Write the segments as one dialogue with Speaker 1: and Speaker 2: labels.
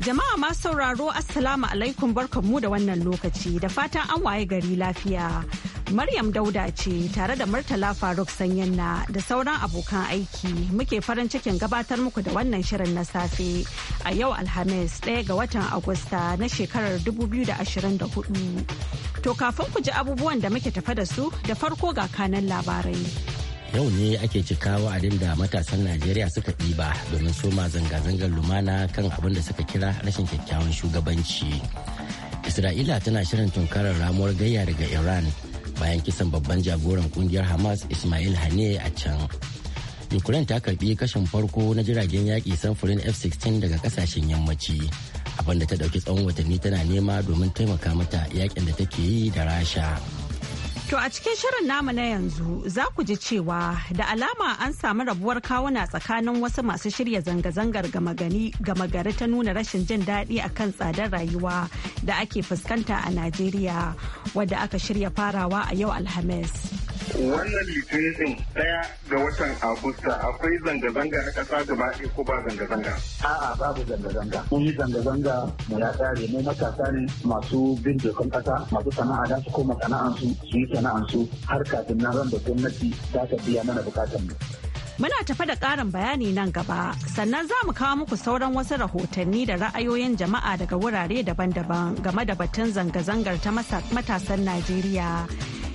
Speaker 1: Jama'a ma sauraro Assalamu alaikum barkanmu da wannan lokaci da fatan an waye gari lafiya. Maryam Dauda ce tare da Murtala Faruk sanyinna da sauran abokan aiki muke farin cikin gabatar muku da wannan shirin na safe a yau Alhamis ɗaya ga watan Agusta na shekarar 2024. To kafin ku ji abubuwan da muke tafa da su da farko ga kanan labarai.
Speaker 2: yau ne ake cikawa a da matasan najeriya suka ɗiba domin soma zanga-zangar lumana kan abin da suka kira rashin kyakkyawan shugabanci isra'ila tana shirin tunkarar ramuwar gayya daga iran bayan kisan babban jagoran kungiyar hamas ismail hane a can ukraine ta karbi kashin farko na jiragen yaƙi samfurin f-16 daga kasashen yammaci abinda ta ɗauki tsawon watanni tana nema domin taimaka mata yakin da take yi da rasha
Speaker 1: To a cikin shirin namu na yanzu za ku ji cewa da alama an samu rabuwar kawuna tsakanin wasu masu shirya zanga-zangar gama gari ta nuna rashin jin daɗi a kan tsadar rayuwa da ake fuskanta a Najeriya wadda aka shirya farawa a yau Alhamis.
Speaker 3: wannan litinin daya ga watan agusta akwai zanga-zanga na kasa da ɗaya ko ba zanga-zanga a'a babu zanga-zanga
Speaker 1: mun yi zanga-zanga
Speaker 4: mu ya tsare mu matasa ne masu bin dokan kasa masu sana'a da su koma sana'ansu su yi sana'ansu har kafin na ran da gwamnati za ta biya mana bukatan mu
Speaker 1: Muna tafa da ƙarin bayani nan gaba, sannan za mu kawo muku sauran wasu rahotanni da ra'ayoyin jama'a daga wurare daban-daban game da batun zanga-zangar ta matasan Najeriya.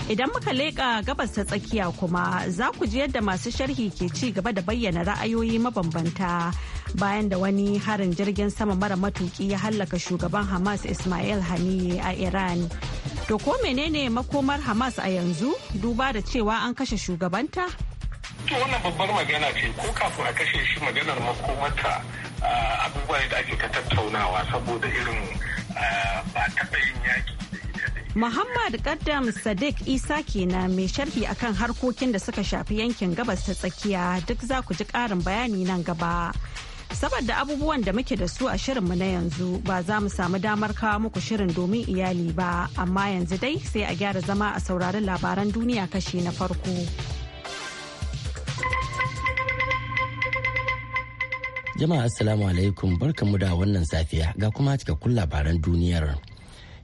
Speaker 1: Idan muka leƙa gabas ta tsakiya kuma za ku ji yadda masu sharhi ke ci gaba da bayyana ra'ayoyi mabambanta bayan da wani harin jirgin sama mara matuki ya hallaka shugaban Hamas Ismail Haniye a Iran. To ko menene makomar Hamas a yanzu duba da cewa an kashe shugabanta?
Speaker 5: To wannan babbar magana ce ko kafin a kashe shi maganar makomata ah, abubuwa da ake ta tattaunawa
Speaker 3: saboda irin ah, ba taɓa
Speaker 1: yin yaki Muhammad Kaddam Sadiq Isa kenan mai sharhi akan harkokin da suka shafi yankin gabas ta tsakiya duk za ku ji ƙarin bayani nan gaba. Saboda abubuwan da muke da su a shirinmu na yanzu ba za mu samu damar kawo muku shirin domin iyali ba, amma yanzu dai sai a gyara zama a saurari labaran duniya kashi na farko.
Speaker 2: Jama'a Assalamu alaikum barkamu da wannan safiya ga kuma cikakkun labaran duniyar.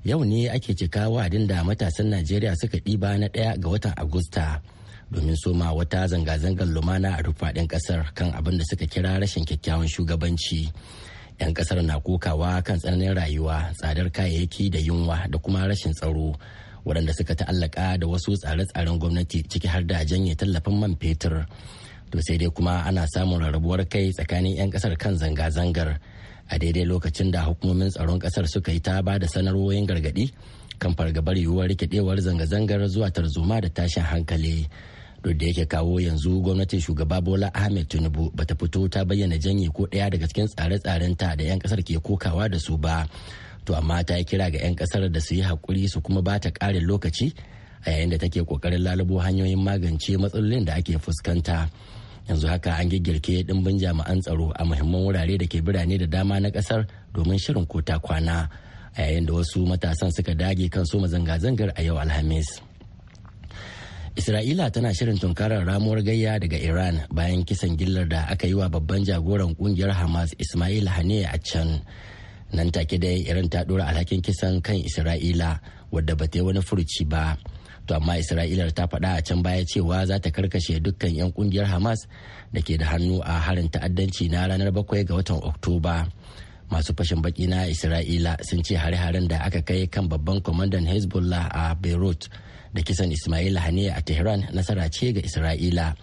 Speaker 2: yau ne ake cika wa'adin da matasan najeriya suka ɗiba na ɗaya ga watan agusta domin soma wata zanga-zangar lumana a rufaɗin ƙasar kan abin da suka kira rashin kyakkyawan shugabanci 'yan ƙasar na kokawa kan tsananin rayuwa tsadar kayayyaki da yunwa da kuma rashin tsaro waɗanda suka ta'allaka da wasu tsare-tsaren gwamnati ciki har da janye tallafin man fetur to sai dai kuma ana samun rarrabuwar kai tsakanin 'yan ƙasar kan zanga-zangar a daidai lokacin da hukumomin tsaron kasar suka yi ta ba da sanarwoyin gargadi kan fargabar yiwuwar rikidewar zanga-zangar zuwa tarzoma da tashin hankali duk da yake kawo yanzu gwamnatin shugaba bola ahmed tinubu bata fito ta bayyana janye ko daya daga cikin tsare tsaren ta da 'yan kasar ke kokawa da su ba to amma ta yi kira ga 'yan kasar da su yi hakuri su kuma ba ta ƙarin lokaci a yayin da take ƙoƙarin lalubo hanyoyin magance matsalolin da ake fuskanta. yanzu haka an giggirke dimbin jami'an tsaro a muhimman wurare da ke birane da dama na kasar domin shirin kota kwana a yayin da wasu matasan suka dage kan soma zanga-zangar a yau alhamis isra'ila tana shirin tunkarar ramuwar gayya daga iran bayan kisan gillar da aka yi wa babban jagoran kungiyar hamas ismail haniya a can nan take dai iran ta dora alhakin kisan kan isra'ila wadda ba ta yi wani furuci ba to amma Isra'ila ta faɗa a can baya cewa za ta karkashe dukkan 'yan kungiyar hamas da ke da hannu a harin ta'addanci na ranar bakwai ga watan oktoba masu fashin baki na isra'ila sun ce hare-haren da aka kai kan babban kwamandan hezbollah a beirut da kisan ismail haniya a tehran nasara ce ga isra'ila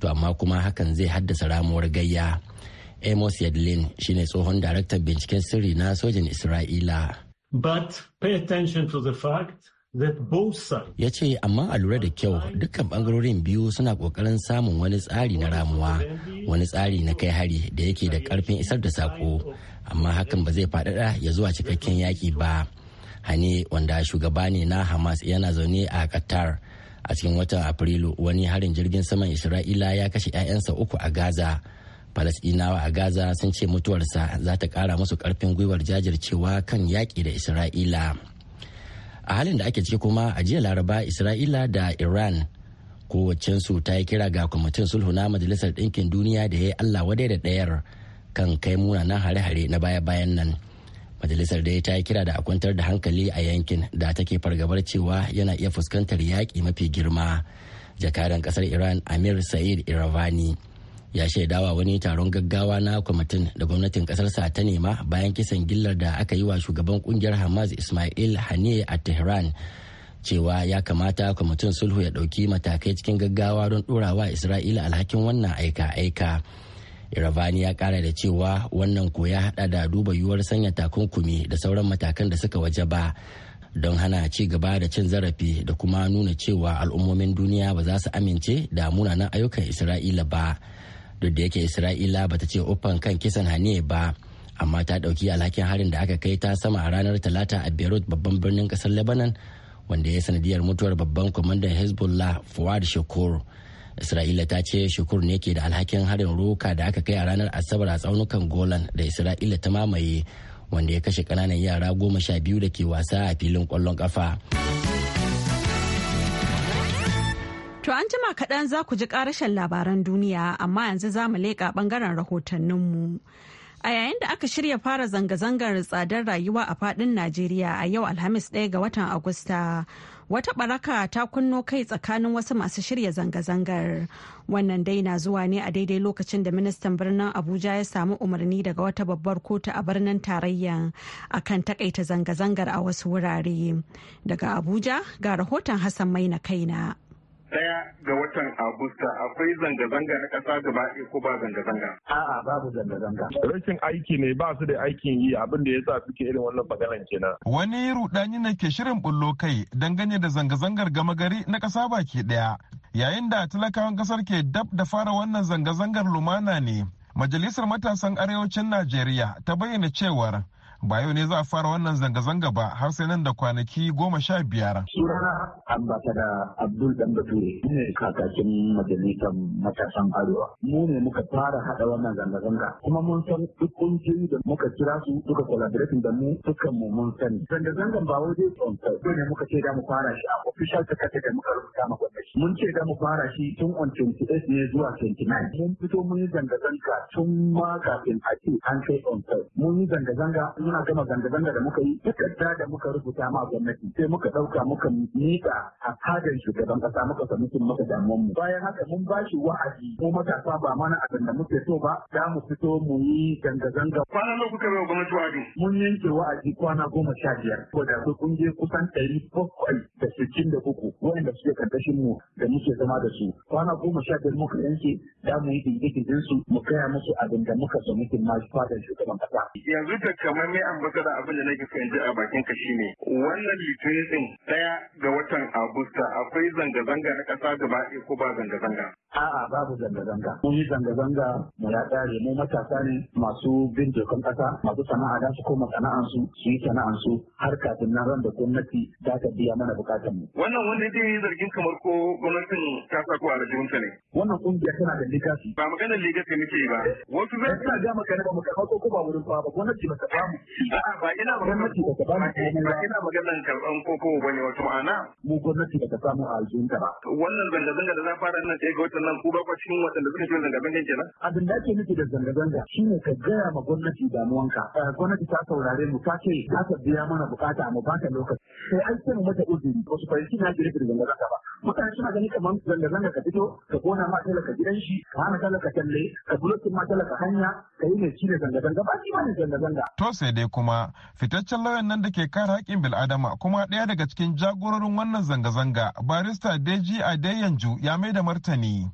Speaker 2: to amma kuma hakan zai haddasa ramuwar gayya amos yadlin shine tsohon daraktan binciken sirri na sojin isra'ila
Speaker 6: but pay attention to the fact
Speaker 2: ya ce amma a lura da kyau dukkan bangarorin biyu suna kokarin samun wani tsari na ramuwa wani tsari na kai hari da yake da karfin isar da sako amma hakan ba zai faɗaɗa ya zuwa cikakken yaƙi ba hani wanda shugaba ne na hamas yana zaune a qatar a cikin watan afrilu wani harin jirgin saman isra'ila ya kashe 'ya'yansa uku a gaza falasɗinawa a gaza sun ce mutuwarsa za ta ƙara musu ƙarfin gwiwar jajircewa kan yaƙi da isra'ila a halin da ake ciki kuma a jiya laraba isra'ila da iran kowacensu ta yi kira ga kwamitin sulhu na majalisar ɗinkin duniya da ya yi allah wadai da ɗayar kan kai munanan hare-hare na baya-bayan nan majalisar da ya ta yi kira da a kwantar da hankali a yankin da take fargabar cewa yana iya fuskantar yaƙi mafi girma jakadan ƙasar iran amir sa'id iravani ya shaidawa wani taron gaggawa na kwamitin da gwamnatin kasarsa ta nema bayan kisan gillar da aka yi wa shugaban kungiyar hamas ismail haniye a tehran cewa ya kamata kwamitin sulhu ya dauki matakai cikin gaggawa don ɗorawa isra'ila alhakin wannan aika-aika iravani ya kara da cewa wannan koya ya haɗa da duba yiwuwar sanya takunkumi da sauran matakan da suka waje ba don hana ci gaba da cin zarafi da kuma nuna cewa al'ummomin duniya ba za su amince da munanan ayyukan isra'ila ba. duk da yake isra'ila bata ce uffan kan kisan haniye ba amma ta ɗauki alhakin harin da aka kai ta sama a ranar talata a beirut babban birnin kasar lebanon wanda ya sanadiyar mutuwar babban kwamandan hezbollah fuad shakur isra'ila ta ce shakur ne ke da alhakin harin roka da aka kai a ranar asabar a tsaunukan golan da isra'ila ta mamaye wanda ya kashe ƙananan yara goma sha biyu da ke wasa a filin kwallon kafa.
Speaker 1: To an jima kaɗan za ku ji ƙarashen labaran duniya amma yanzu za mu leƙa ɓangaren rahotanninmu. A yayin da aka shirya fara zanga-zangar tsadar rayuwa a faɗin Najeriya a yau Alhamis ɗaya ga watan Agusta. Wata ɓaraka ta kunno kai tsakanin wasu masu shirya zanga-zangar. Wannan dai na zuwa ne a daidai lokacin da ministan birnin Abuja ya samu umarni daga wata babbar kotu a birnin tarayyan akan takaita zanga-zangar a wasu wurare. Daga Abuja ga rahoton Hassan Mai na kaina.
Speaker 3: ɗaya ga watan Agusta akwai zanga-zanga na ƙasa gaba ko ba zanga-zanga?
Speaker 4: A'a babu zanga-zanga. Rashin aiki ne ba su da aikin yi abin da ya sa suke irin wannan maganan kenan.
Speaker 3: Wani rudani ne ke shirin bullo kai dangane da zanga-zangar gama gari na ƙasa baki ɗaya. Yayin da talakawan ƙasar ke dab da fara wannan zanga-zangar lumana ne. Majalisar Matasan Arewacin Najeriya ta bayyana cewar ba yau ne za a fara wannan zanga-zanga ba har sai nan da kwanaki goma sha biyar.
Speaker 4: Sunana ambasada Abdul Dambature ne kakakin majalisar matasan Arewa. Mu ne muka fara haɗa wannan zanga-zanga kuma mun san duk kungiyoyi da muka kira su duka collaborating da mu dukkan mu mun sani. Zanga-zangan ba waje ko ne muka ce da mu fara shi a official takardar da muka rubuta ma gwamnati. Mun ce da mu fara shi tun on 28 ne zuwa 29. Mun fito mun yi zanga-zanga tun ma kafin a ce an kai tsonsa. Mun yi zanga-zanga muna gama zanga-zanga da muka yi takarda da muka rubuta ma gwamnati sai muka ɗauka muka miƙa a fadar shugaban kasa, muka samu cin, maka damuwan mu bayan haka mun ba shi wa'azi mu matasa ba mana abin da muke so ba za mu fito mu yi zanga-zanga. Kwana nawa kuka bai gwamnati wa'azi? Mun yanke wa'azi kwana goma sha biyar. Saboda su kun je kusan ɗari bakwai da sittin da uku waɗanda suke karkashin mu da muke zama da su. Kwana goma sha biyar muka yanke za mu yi ɗinke su mu kaya musu abin da muka so ma fadar shugaban kasa Yanzu da kamar ne ambata da abin da nake so in a bakin ka shine wannan litinin ɗaya ga watan agusta akwai zanga-zanga na ƙasa gaba ɗaya ko ba zanga-zanga. A'a babu zanga-zanga. Mun yi zanga-zanga mu ya tsare mu matasa ne masu bin dokan ƙasa masu sana'a da su koma sana'ansu su yi sana'ansu har kafin na ran da gwamnati za ta biya mana bukatan mu. Wannan wanda yake zargin kamar ko gwamnatin ta sa ko aljihunta ne. Wannan kungiya tana da likafi. Ba maganar ligasi muke ba. Wasu zai ta ga maka ba maka ko ko ba wurin ba gwamnati ba ta ba mu. A'a ba ina gwamnati ba ta ba mu. Ba ina maganar ko ko bane wato ma'ana. Mu gwamnati ba ta samu aljihunta ba. Wannan zanga-zanga da za fara nan sai ga waɗannan ku bakwai cikin waɗanda suka ce zanga-zanga kenan. Abin da ake nufi da zanga-zanga shine ka gaya ma gwamnati damuwanka. Eh, gwamnati ta saurare mu ta ce za ta biya mana bukata mu baka lokaci. Sai an ce mata uzuri ba su fahimci na jirgin da zanga-zanga ba. Mutane suna gani kamar zanga-zanga ka fito ka gona ma talaka gidan shi ka hana talaka talle ka bulo ma talaka hanya ka yi mai ci da zanga-zanga ba shi ma ne zanga-zanga.
Speaker 3: To sai dai kuma fitaccen lauyan nan da ke kare haƙƙin bil'adama kuma ɗaya daga cikin jagororin wannan zanga-zanga barista Deji Adeyanju ya mai da martani.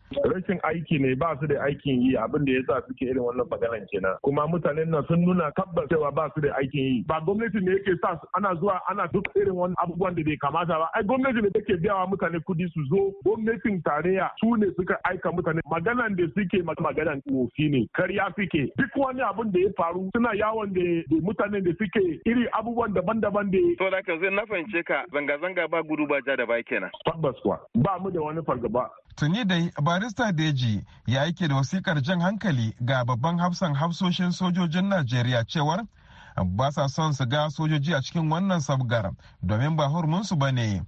Speaker 3: rashin aiki ne ba su da aikin yi abin da yasa suke irin wannan maganan kenan kuma mutanen nan sun nuna tabbas cewa ba su da aikin yi ba gwamnati ne yake sa ana zuwa ana duk irin wani abubuwan da bai kamata ba ai gwamnati ne take biyawa mutane kudi su zo gwamnatin tarayya su ne suka aika mutane maganan da suke maganan ofi ne karya suke duk wani abin da ya faru suna yawon da mutanen da suke iri abubuwan daban-daban da to da ka zai na fahimce ka zanga-zanga ba gudu ba ja da ba kenan tabbas kuwa ba mu da wani fargaba tuni dai ba barista deji ya aike da wasikar jan hankali ga babban hafsan hafsoshin sojojin najeriya cewar ba sa son su ga sojoji a cikin wannan sabgar domin ba hurminsu ba ne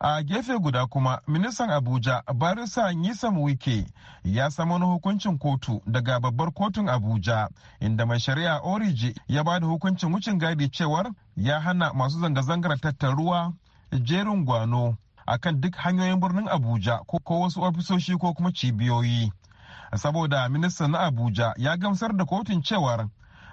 Speaker 3: a gefe guda kuma ministan abuja barisa nisan wike ya samu wani hukuncin kotu daga babbar kotun abuja inda mai shari'a oriji ya ba da hukuncin wucin gadi cewar ya hana masu zanga-zangar tattaruwa jerin gwano akan duk hanyoyin birnin abuja ko wasu ofisoshi ko kuma cibiyoyi saboda minista na abuja ya gamsar da kotun cewar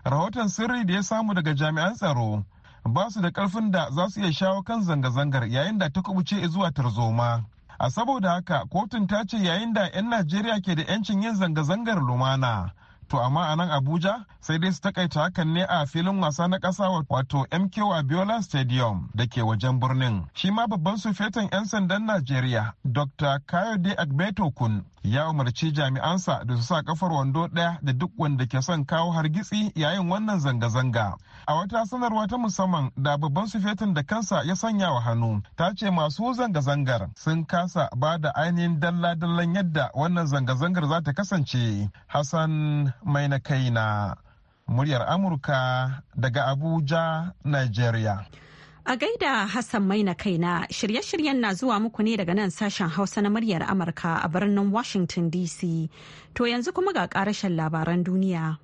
Speaker 3: rahoton sirri da ya samu daga jami'an tsaro ba su da karfin da za su iya shawo kan zanga-zangar yayin da ta kubuce zuwa tarzoma a saboda haka kotun ta ce yayin da 'yan najeriya ke da 'yancin yin zanga-zangar lumana To amma a nan Abuja sai dai su takaita hakan ne a filin wasa na ƙasa wato MK Abiola Stadium da ke wajen birnin. Shi ma babban sufetan 'yan sandan Najeriya Dr. Kayode Agbeto Kun ya umarci jami'ansa da su sa kafar wando ɗaya da duk wanda ke son kawo hargitsi yayin wannan zanga-zanga. A wata sanarwa ta musamman da babban sufetin da kansa ya sanya wa hannu ta ce masu zanga-zangar sun kasa ba da ainihin dalla-dallan yadda wannan zanga-zangar za ta kasance. Hassan mai na kaina muryar Amurka daga Abuja, Nigeria.
Speaker 1: A gaida Hassan Maina kaina shirye-shiryen na zuwa muku ne daga nan sashen Hausa na muryar Amurka a birnin Washington DC. To yanzu kuma ga karashen labaran duniya.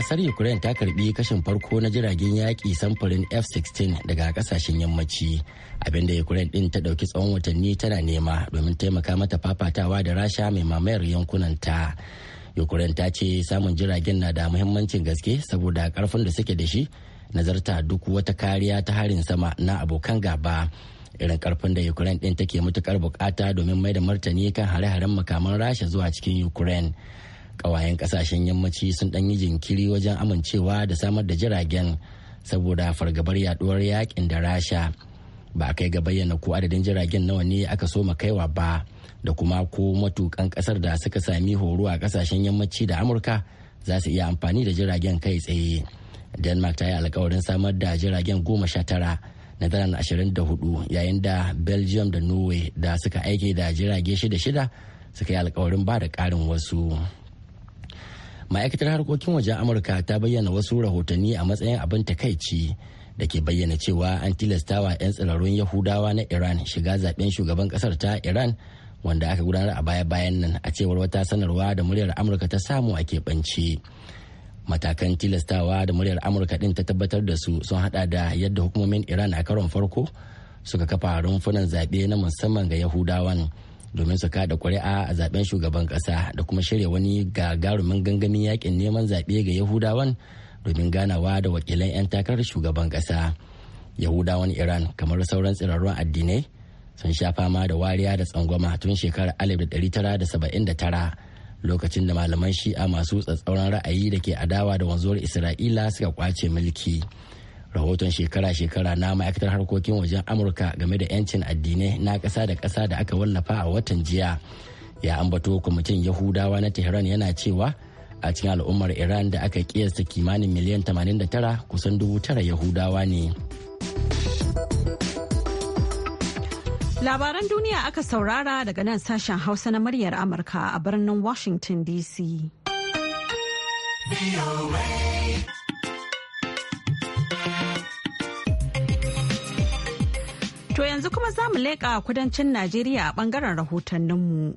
Speaker 2: Kasar Ukraine ta karbi kashin farko na jiragen yaƙi samfurin F-16 daga kasashen yammaci, abinda Ukraine ɗin ta ɗauki tsawon watanni tana nema domin taimaka mata fafatawa da rasha mai mamayar yankunanta. ukraine ta ce samun jiragen na da muhimmancin gaske saboda karfin da suke da shi nazarta duk wata kariya ta harin sama na abokan gaba irin karfin da ukraine din take matukar bukata domin mai da martani kan hare-haren makaman rasha zuwa cikin ukraine kawayen kasashen yammaci sun dan yi jinkiri wajen amincewa da samar da jiragen saboda fargabar yaduwar yakin da rasha ba kai ga bayyana ko adadin jiragen nawa ne aka soma kaiwa ba da kuma ko matukan kasar da suka sami horo a kasashen yammaci da amurka za su iya amfani da jiragen kai tsaye denmark ta yi alkawarin samar da jiragen goma sha tara na daren ashirin da hudu yayin da belgium da norway da suka aike da jirage shida shida suka yi alkawarin ba da karin wasu ma'aikatar harkokin wajen amurka ta bayyana wasu rahotanni a matsayin abin takaici da ke bayyana cewa an tilastawa 'yan tsirarun yahudawa na iran shiga zaben shugaban kasar ta iran wanda aka gudanar a baya-bayan nan a cewar wata sanarwa da muryar amurka ta samu a keɓance matakan tilastawa da muryar amurka din ta tabbatar da su sun hada da yadda hukumomin iran a karon farko suka kafa rumfunan zaɓe na musamman ga yahudawan domin su kada kuri'a a zaben shugaban ƙasa da kuma shirya wani gagarumin gangamin yakin neman zaɓe ga yahudawan domin ganawa da wakilan 'yan takarar shugaban ƙasa yahudawan iran kamar sauran tsirarrun addinai sun sha fama da wariya da tsangwama tun shekarar 1979 lokacin da malaman shi'a masu tsatsauran ra'ayi da ke adawa da wanzuwar isra'ila suka kwace mulki rahoton shekara-shekara na ma'aikatar harkokin wajen amurka game da 'yancin addinai na ƙasa da ƙasa da aka wallafa a watan jiya ya ambato kwamitin yahudawa na tehran yana cewa a cikin al'ummar iran da aka kiyasta kimanin miliyan 89 kusan dubu tara yahudawa ne
Speaker 1: labaran duniya aka saurara daga nan sashen hausa na muryar amurka a birnin washington dc To yanzu kuma za mu leƙa kudancin Najeriya a ɓangaren rahotanninmu.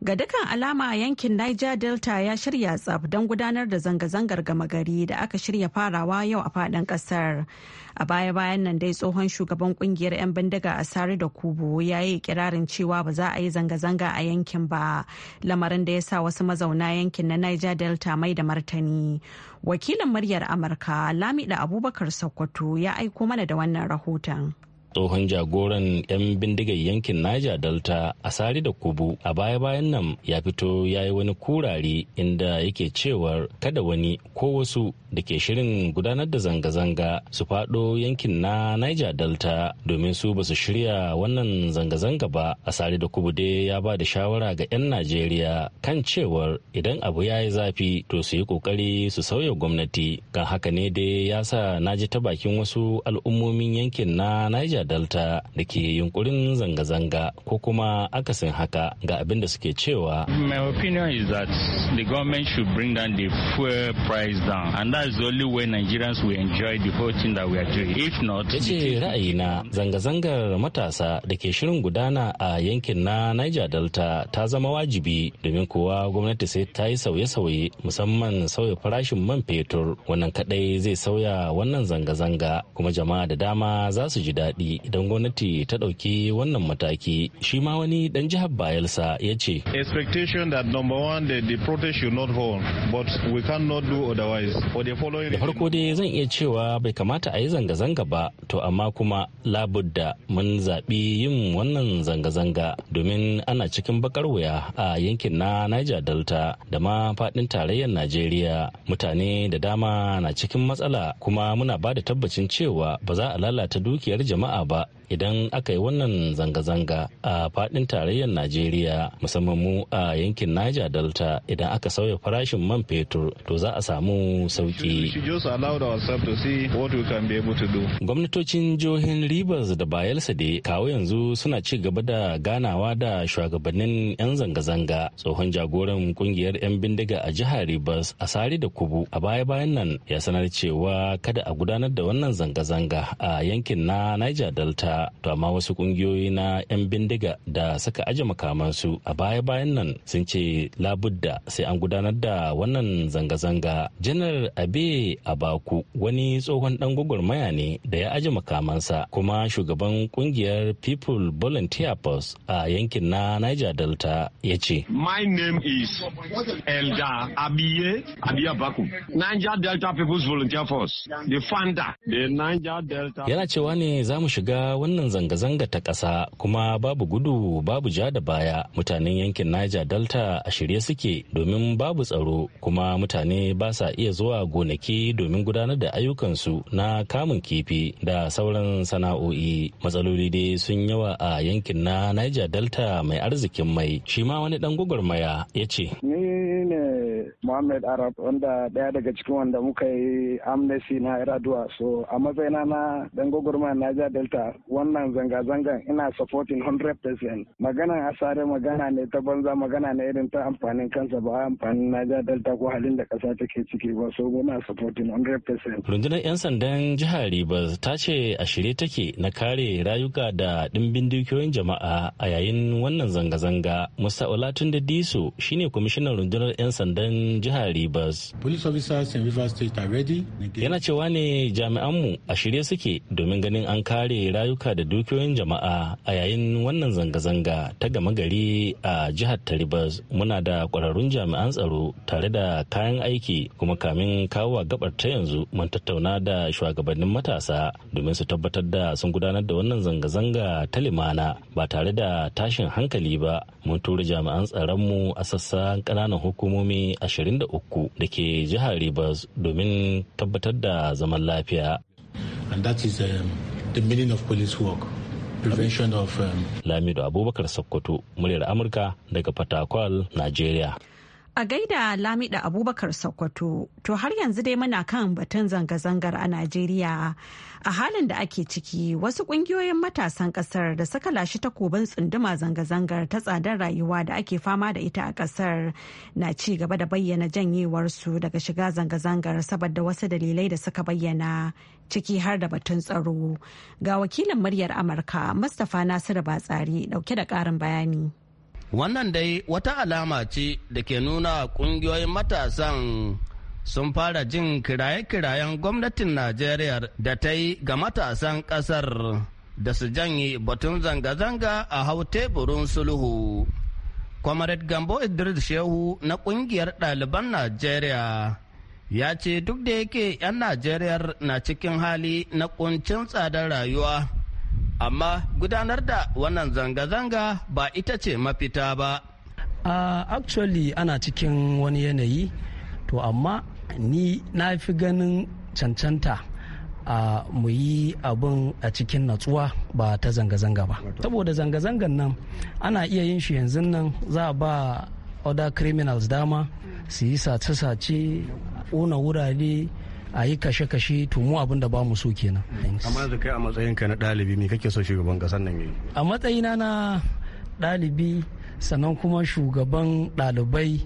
Speaker 1: Ga dukkan alama yankin Niger Delta ya shirya tsaf don gudanar da zanga-zangar gama gari da aka shirya farawa yau a faɗin ƙasar. A baya-bayan nan dai tsohon shugaban kungiyar 'yan bindiga a Sare da Kubu ya yi kirarin cewa ba za a yi zanga-zanga a yankin ba, lamarin da ya sa wasu mazauna yankin na Niger Delta mai da martani. Wakilin muryar Amurka Lamida Abubakar Sokoto ya aiko mana da wannan rahoton.
Speaker 6: tsohon jagoran 'yan bindigar yankin Niger Delta a sari da kubu a baya-bayan nan ya fito ya yi wani kurare inda yake cewar kada wani ko wasu da ke shirin gudanar da zanga-zanga su faɗo yankin na Niger Delta domin su ba su shirya wannan zanga-zanga ba a sari da kubu dai ya ba da shawara ga 'yan Najeriya kan cewar idan abu ya yi zafi to su yi kokari su sauya gwamnati kan haka ne dai ya sa na ji ta bakin wasu al'ummomin yankin na Niger Niger Delta da ke yunkurin zanga-zanga ko kuma akasin haka ga abin da suke cewa. My opinion is that the government should bring down the fuel price down and that is the only way Nigerians will enjoy the whole thing that we are doing. If not, yace ra'ayina zanga-zangar matasa da ke shirin gudana a yankin na Niger Delta ta zama wajibi domin kuwa gwamnati sai ta yi sauye-sauye musamman sauya farashin man fetur wannan kadai zai sauya wannan zanga-zanga kuma jama'a da dama za su ji daɗi. idan gwamnati ta ɗauki wannan mataki shi ma wani ɗan jihar bayelsa ya ce
Speaker 3: expectation that number one the protest should not hold but we cannot da farko
Speaker 6: dai zan iya cewa bai kamata a yi zanga-zanga ba to amma kuma labudda mun zaɓi yin wannan zanga-zanga domin ana cikin bakar wuya a yankin na niger delta da ma faɗin tarayyar najeriya mutane da dama na cikin matsala kuma muna ba da tabbacin cewa ba za a lalata dukiyar jama'a but idan aka yi wannan zanga-zanga a faɗin tarayyar najeriya musamman mu a yankin niger delta idan aka sauya farashin man fetur to za a samu sauki gwamnatocin jihohin rivers da bayelsa dai kawo yanzu suna ci gaba da ganawa da shugabannin 'yan zanga-zanga tsohon jagoran kungiyar 'yan bindiga a jihar rivers a sari da kubu a baya-bayan nan ya sanar cewa kada a gudanar da wannan zanga-zanga a yankin na niger delta to amma wasu kungiyoyi na 'yan bindiga da suka aje makamansu a baya-bayan nan sun ce labudda sai an gudanar da wannan zanga-zanga janar abe abaku wani tsohon dan gwagwarmaya ne da ya aje makamansa kuma shugaban kungiyar people volunteer force a yankin na niger delta ya ce
Speaker 3: my name is elda
Speaker 5: abiye abiye abaku niger delta people's volunteer force the founder the niger delta yana
Speaker 6: cewa ne za mu shiga wani wannan zanga-zanga ta ƙasa kuma babu gudu babu ja da baya mutanen yankin Niger Delta a shirye suke domin babu tsaro kuma mutane ba sa iya zuwa gonaki domin gudanar da ayyukansu na kamun kifi da sauran sana'o'i. Matsaloli dai sun yawa a yankin na Niger Delta mai arzikin mai. Shi ma wani ɗan gwagwarmaya ya ce.
Speaker 5: Ni ne Muhammad Arab wanda daya daga cikin wanda muka yi amnesty na Iraduwa. So a matsayina na dan na Niger Delta wannan zanga-zangan ina supporting 100%. Maganan asare magana ne ta banza magana na irin ta amfanin kansa ba amfanin Niger Delta ko halin da kasa take ciki ba so muna supporting 100%.
Speaker 6: Rundunar 'yan sandan jihar Rivers ta ce a shirye take na kare rayuka da dimbin dukiyoyin jama'a a yayin wannan zanga-zanga. Musa Olatunde Diso shine kwamishinan rundunar 'yan sandan jihar Rivers. Police officers in Rivers State are ready. Yana cewa ne jami'an mu a shirye suke domin ganin an kare rayuka da dukiyoyin jama'a a yayin wannan zanga-zanga ta gama gari a jihar ta Rivers. Muna da kwararrun jami'an tsaro tare da kayan aiki kuma kamin kawo gabar ta yanzu mun tattauna da shugabannin matasa domin su tabbatar da sun gudanar da wannan zanga-zanga ta limana ba tare da tashin hankali ba mun tura jami'an tsaron mu a sassan ƙananan hukumomi a 23 da ke jihar Rivers domin tabbatar da zaman lafiya. And that is um, the meaning of police work. Prevention of um... Lamido Abubakar Sokoto, muryar Amurka daga Fatakwal, Nigeria.
Speaker 1: A gaida Lamida Abubakar Sokoto, to har yanzu dai muna kan batun zanga-zangar a Najeriya. A halin da ake ciki, wasu ƙungiyoyin matasan ƙasar da suka lashi takobin tsunduma zanga-zangar ta tsadar rayuwa da ake fama da ita a ƙasar na ci gaba da bayyana janyewarsu daga shiga zanga-zangar saboda wasu dalilai da suka bayyana ciki har da batun tsaro. Ga wakilin muryar Amurka, Mustapha Nasiru Batsari ɗauke da ƙarin bayani.
Speaker 7: Wannan dai wata alama ce da ke nuna ƙungiyoyin matasan sun fara jin kiraye-kirayen gwamnatin Najeriya da ta yi ga matasan ƙasar da su janye batun zanga-zanga a hau teburin sulhu. Comrade Gambo Idris Shehu na ƙungiyar ɗaliban Najeriya. ya ce duk da yake 'yan najeriya na cikin hali na ƙuncin tsadar rayuwa amma gudanar da wannan zanga-zanga ba ita ce mafita ba uh,
Speaker 8: actually ana cikin wani yanayi to amma ni na fi ganin cancanta a uh, mu yi abin a cikin natsuwa ba ta zanga-zanga ba saboda zanga-zangan nan ana iya yin shi yanzu nan za a ba other criminals dama su yi sace-sace ƙona wurare a yi kashe-kashe to mu abin da ba mu so kenan.
Speaker 7: amma yanzu kai a matsayin ka na ɗalibi me kake so shugaban ƙasar nan yi.
Speaker 8: a matsayina na ɗalibi sannan kuma shugaban ɗalibai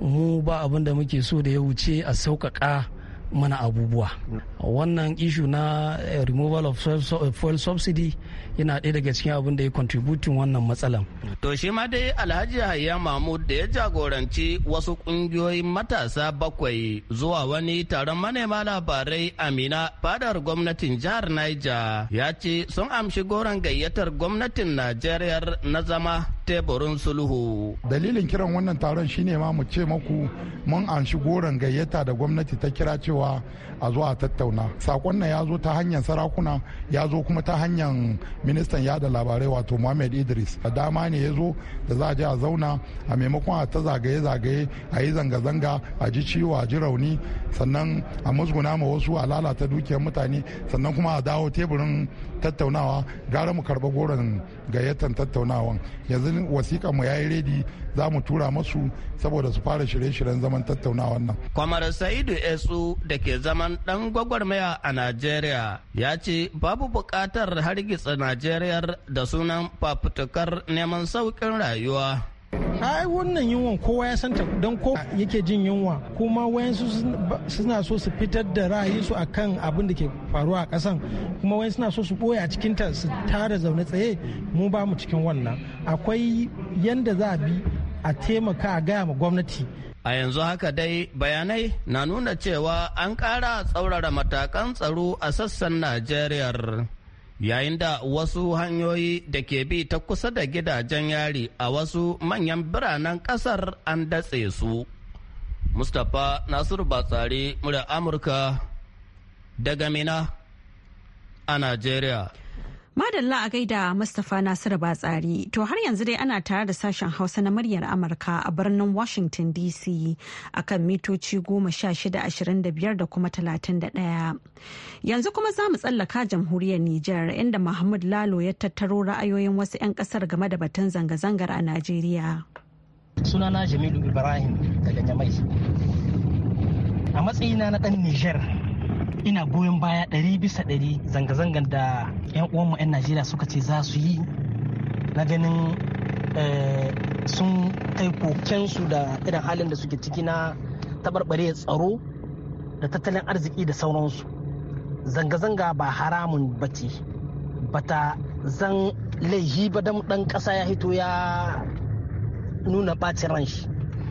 Speaker 8: mu ba abin da muke so da ya wuce a sauƙaƙa mana abubuwa wannan ishu na eh, removal of eh, fuel subsidy yana ɗaya daga cikin abin da ya contributing wannan matsalan.
Speaker 7: To shi ma dai Alhaji Hayya Mahmud da ya jagoranci wasu ƙungiyoyin matasa bakwai zuwa wani taron manema labarai Amina fadar gwamnatin jihar Niger ya ce sun amshi goron gayyatar gwamnatin Najeriya na zama teburin sulhu.
Speaker 3: Dalilin kiran wannan taron shine ma mu ce maku mun amshi goron gayyata da gwamnati ta kira cewa a zuwa tattauna tattauna sakon nan ya zo ta hanyar sarakuna ya zo kuma ta hanyar ministan yada labarai wato muhammad idris a dama ne ya zo da za a je a zauna a maimakon a ta zagaye-zagaye a yi zanga-zanga a ji ciwo a ji rauni sannan a musguna ma wasu a lalata dukiyar mutane sannan kuma a dawo teburin tattaunawa gara mu karba goron gayyatar tattaunawan yanzu wasiƙa mu ya yi redi za mu tura masu saboda su fara shirye-shiryen zaman tattaunawa nan.
Speaker 7: kwamar sa'idu esu da ke zaman dan gwagwarmaya a najeriya ya ce babu bukatar hargitsa najeriya da sunan fafutukar neman sauƙin rayuwa ai wannan
Speaker 8: yunwan kowa ya santa don ko yake jin yunwa kuma wayansu suna so su fitar da ra'ayinsu a kan abin da ke faruwa a kasan kuma wayansu suna so su ɓoye a cikinta su tara zaune tsaye mu ba mu cikin wannan akwai yanda za a bi a taimaka a gaya ma gwamnati
Speaker 7: a yanzu haka dai bayanai na nuna cewa an ƙara tsaurara matakan tsaro a sassan najeriya yayin da wasu hanyoyi da ke bi ta kusa da gidajen yari a wasu manyan biranen ƙasar an datse su mustapha nasiru batsari murya amurka daga mina a najeriya
Speaker 1: Madalla a gaida Mustapha Nasiru Batsari. To har yanzu dai ana tare da sashen Hausa na muryar Amurka a birnin Washington DC akan mitoci goma sha shida ashirin da biyar da kuma talatin ɗaya. Yanzu kuma za mu tsallaka jamhuriyar Nijar inda Mahmud Lalo ya tattaro ra'ayoyin wasu 'yan kasar game da batun zanga-zangar a Najeriya.
Speaker 8: Sunana Jamilu Ibrahim daga Nyamai. A matsayina na ɗan Nijar ina goyon baya ɗari bisa ɗari zanga-zangar da 'yan uwanmu 'yan najeriya suka ce za su yi na ganin eh, sun kai kokensu da irin halin da suke ciki na taɓarɓare tsaro da tattalin arziki da sauransu zanga-zanga ba haramun bace bata zan laihi ba dan ɗan ƙasa ya hito ya nuna ɓacin ran shi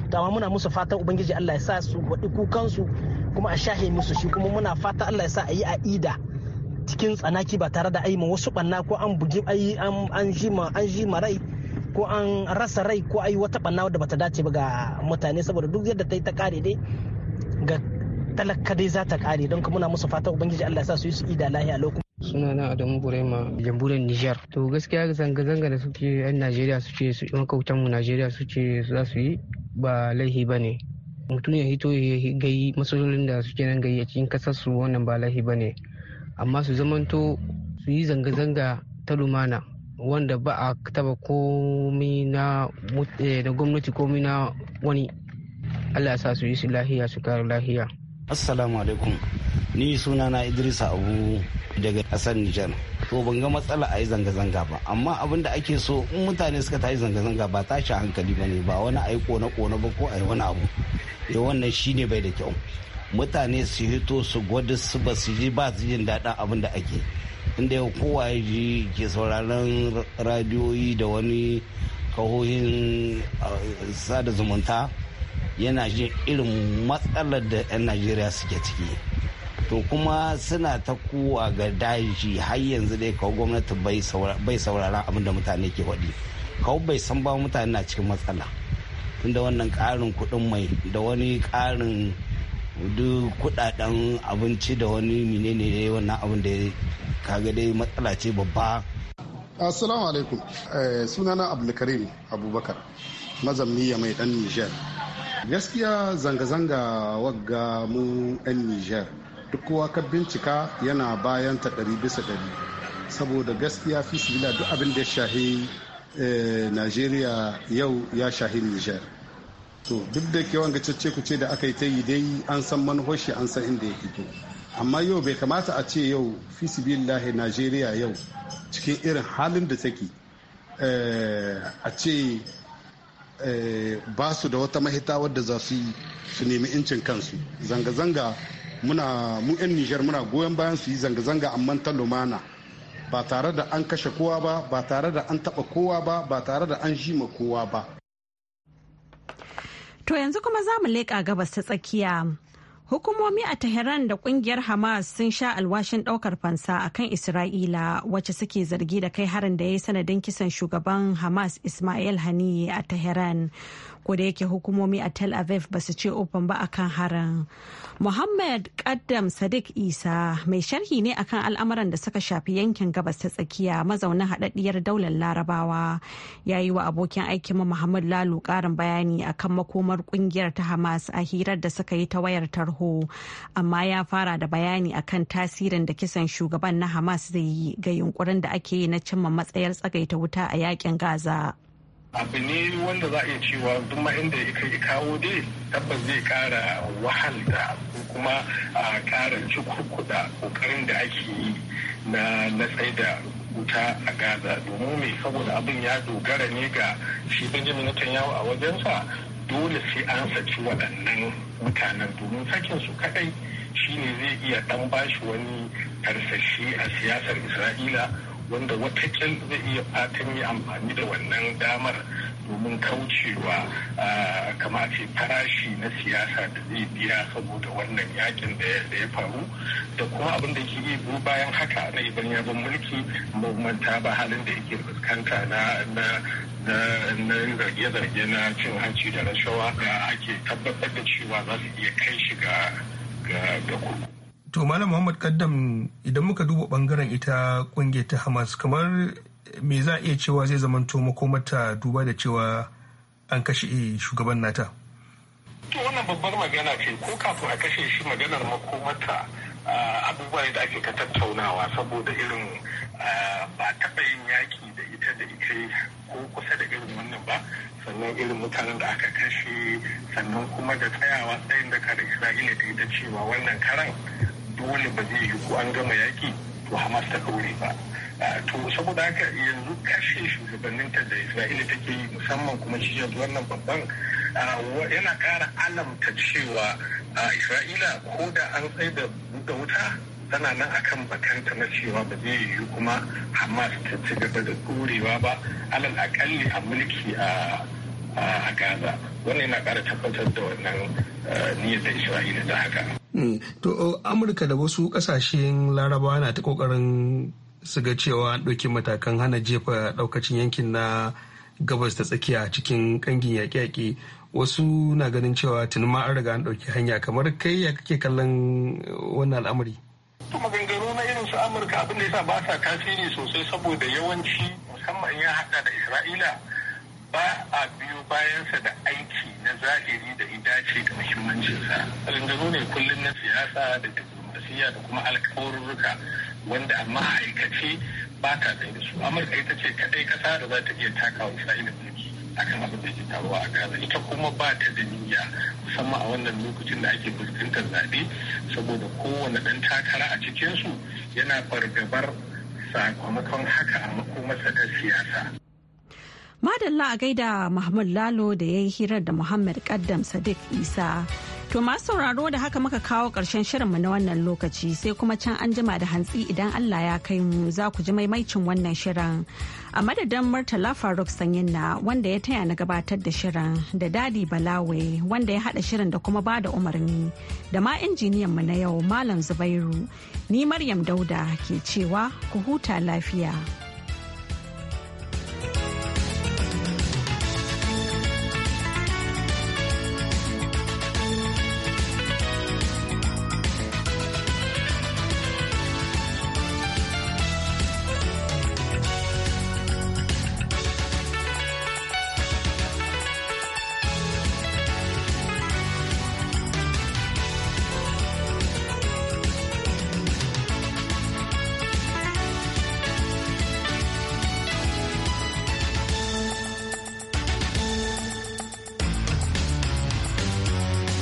Speaker 8: to amma muna musu fatan ubangiji allah ya sa su waɗi kukansu kuma a shahe musu shi kuma muna fata Allah ya sa a yi a ida cikin tsanaki ba tare da aima wasu banna ko an bugi ayi an jima an jima rai ko an rasa rai ko ai wata banna wadda bata dace ba ga mutane saboda duk yadda ta yi ta kare dai ga talaka dai za ta kare don kuma muna musu fata ubangiji Allah ya sa su yi su ida lahiya lokacin suna na adamu burema jamburan nijar to gaskiya zanga-zanga da suke yan najeriya suke su makautan mu najeriya suke za su yi ba laihi ba ne mutum ya hito ya gai matsalolin da suke nan gai a cikin kasar su wannan ba lahi ba ne amma su zamanto su yi zanga-zanga ta lumana wanda ba a taba komi eh, na gwamnati komi na wani allah sa su yi su lahiya su kare lahiya
Speaker 7: assalamu alaikum ni sunana idrisa abu daga kasar nijar to ban ga matsala a yi zanga-zanga ba amma abin da ake so in mutane suka ta yi zanga-zanga ba tashi hankali ba ne ba wani ayi yi kone ba ko ai wani abu ya eh, wannan shine bai da kyau mutane su hito su gwada su ba su ji ba su jin daɗin abin da ake inda yau kowa ya ji ke sauraron radiyoyi da wani kahohin eh, sada zumunta yana jin irin matsalar da 'yan najeriya suke ciki to kuma suna ta kowa ga daji har yanzu dai kawo gwamnati bai saurara abinda da mutane ke waɗi kawo bai san ba mutane na cikin matsala tunda wannan ƙarin kuɗin mai da wani ƙarin duk kuɗaɗen abinci da wani menene ne wannan abin da kaga dai matsala ce babba assalamu alaikum eh, sunana abdulkarim abubakar mazamni ya mai dan
Speaker 6: niger gaskiya zanga-zanga wagga mu 'yan niger duk kowa ka bincika yana bayan ta ɗari bisa ɗari saboda gaskiya fi sibila
Speaker 5: duk abin da ya shahi eh, najeriya yau ya shahi niger to duk da ke wanga cece ku ce da aka yi ta yi dai an san manhoshi an san inda ya fito
Speaker 6: amma yau bai kamata a ce yau fi sibillahi najeriya yau cikin irin halin da take eh, a ce eh, ba su da wata mahita wadda za su yi su nemi incin kansu zanga-zanga muna
Speaker 3: mu 'yan nijar muna goyon bayan su yi zanga-zanga amma ta lumana ba tare da an kashe kowa ba ba tare da an taba kowa ba ba tare da an jima kowa ba
Speaker 1: to yanzu kuma za mu leƙa gabas ta tsakiya Hukumomi a Tehran da kungiyar Hamas sun sha alwashin ɗaukar fansa a kan Isra'ila wacce suke zargi da kai harin da ya yi sanadin kisan shugaban Hamas Ismail Haniye a Tehran. ko da yake hukumomi a tel aviv ba su ce ofan ba akan harin muhammad kaddam sadiq isa mai sharhi ne akan al'amuran da suka shafi yankin gabas ta tsakiya mazauna haɗaɗɗiyar daular larabawa ya yi wa abokin aikin muhammad lalu ƙarin bayani akan makomar ƙungiyar ta hamas a hirar da suka yi ta wayar tarho amma ya fara da bayani akan tasirin da kisan shugaban na hamas zai yi ga yunkurin da ake yi na cimma matsayar tsagaita wuta a yakin gaza
Speaker 5: abu ne wanda za a iya cewa duk ma inda ya kai kawo dai tabbas zai kara wahalta ko kuma a kara cikurkuda kokarin da ake yi na na tsaida wuta a gaza domin mai saboda abin ya dogara ne ga shi benjamin netanyahu a wajensa dole sai an saci waɗannan mutanen domin sakin su kadai shine zai iya dan bashi wani karsashi a siyasar isra'ila wanda watakil zai iya fatan yi amfani da wannan damar domin kaucewa kama farashi na siyasa da zai biya saboda wannan yakin da ya faru da kuma abin da ke yi bayan haka na iban yabon mulki manta ba halin da yake fuskanta na zarge-zarge na cin hanci da rashawa da ake tabbatar da cewa za su iya kai shi ga kurkuku. to malam muhammad kaddam idan muka duba bangaren ita kungiyar ta hamas kamar me za a iya cewa zai zamanto makomata duba da cewa an kashe shugaban nata to wannan babbar magana ce ko kafin a kashe shi maganar makomata abubuwa da ake ka tattaunawa saboda irin ba taɓa yin yaƙi da ita da ita ko kusa da irin wannan ba sannan irin mutanen da aka kashe sannan kuma da tsayawa tsayin da kare isra'ila ta ita cewa wannan karan dole ba zai yi an gama yaki to hamas ta ɗore ba to saboda haka yanzu kashe shugabanninta da isra'ila take yi musamman kuma shi yanzu wannan babban yana ƙara alamta cewa isra'ila ko da an tsaye da wuta tana nan akan bakanta na cewa ba zai yiwu kuma hamas ta ci gaba da ɗorewa ba alal akalli a mulki a gaza wannan yana ƙara tabbatar da wannan niyyar da isra'ila ta haka Mm. to amurka da wasu kasashen laraba na ta kokarin su cewa an ɗauki matakan hana jefa ɗaukacin yankin na gabas ta tsakiya cikin kangin yaƙe-yaƙe wasu na ganin cewa tuni ma an riga an ɗauki hanya kamar kai ya kake kallon wannan al'amari maganganu na irin su amurka abin da yasa ba sa tasiri sosai saboda yawanci musamman ya hada da isra'ila ba a biyo bayansa da aiki na zahiri da idace da muhimmancinsa rindano ne kullum na siyasa da diplomasiya da kuma alkawarurruka wanda a aikace ba ta da su amurka ita ce kadai kasa da za ta iya wa isra'ila mulki akan abin da ke taruwa a gaza ita kuma ba ta da niyya musamman a wannan lokacin da ake fuskantar zaɓe saboda kowane ɗan takara a cikinsu yana fargabar sakamakon haka a makomarsa ta siyasa
Speaker 1: Madalla a gaida Mahmud Lalo da ya yi hirar da Muhammad Kaddam Sadiq Isa. To masu sauraro da haka muka kawo ƙarshen shirinmu na wannan lokaci sai kuma can an jima da hantsi idan Allah ya kai mu za ku ji maimaicin wannan shirin. A madadin Murtala Faruk Sanyinna wanda ya taya na gabatar da shirin da Dadi Balawe wanda ya haɗa shirin da kuma ba da umarni da ma injiniyan mu na yau Malam Zubairu. Ni Maryam Dauda ke cewa ku huta lafiya.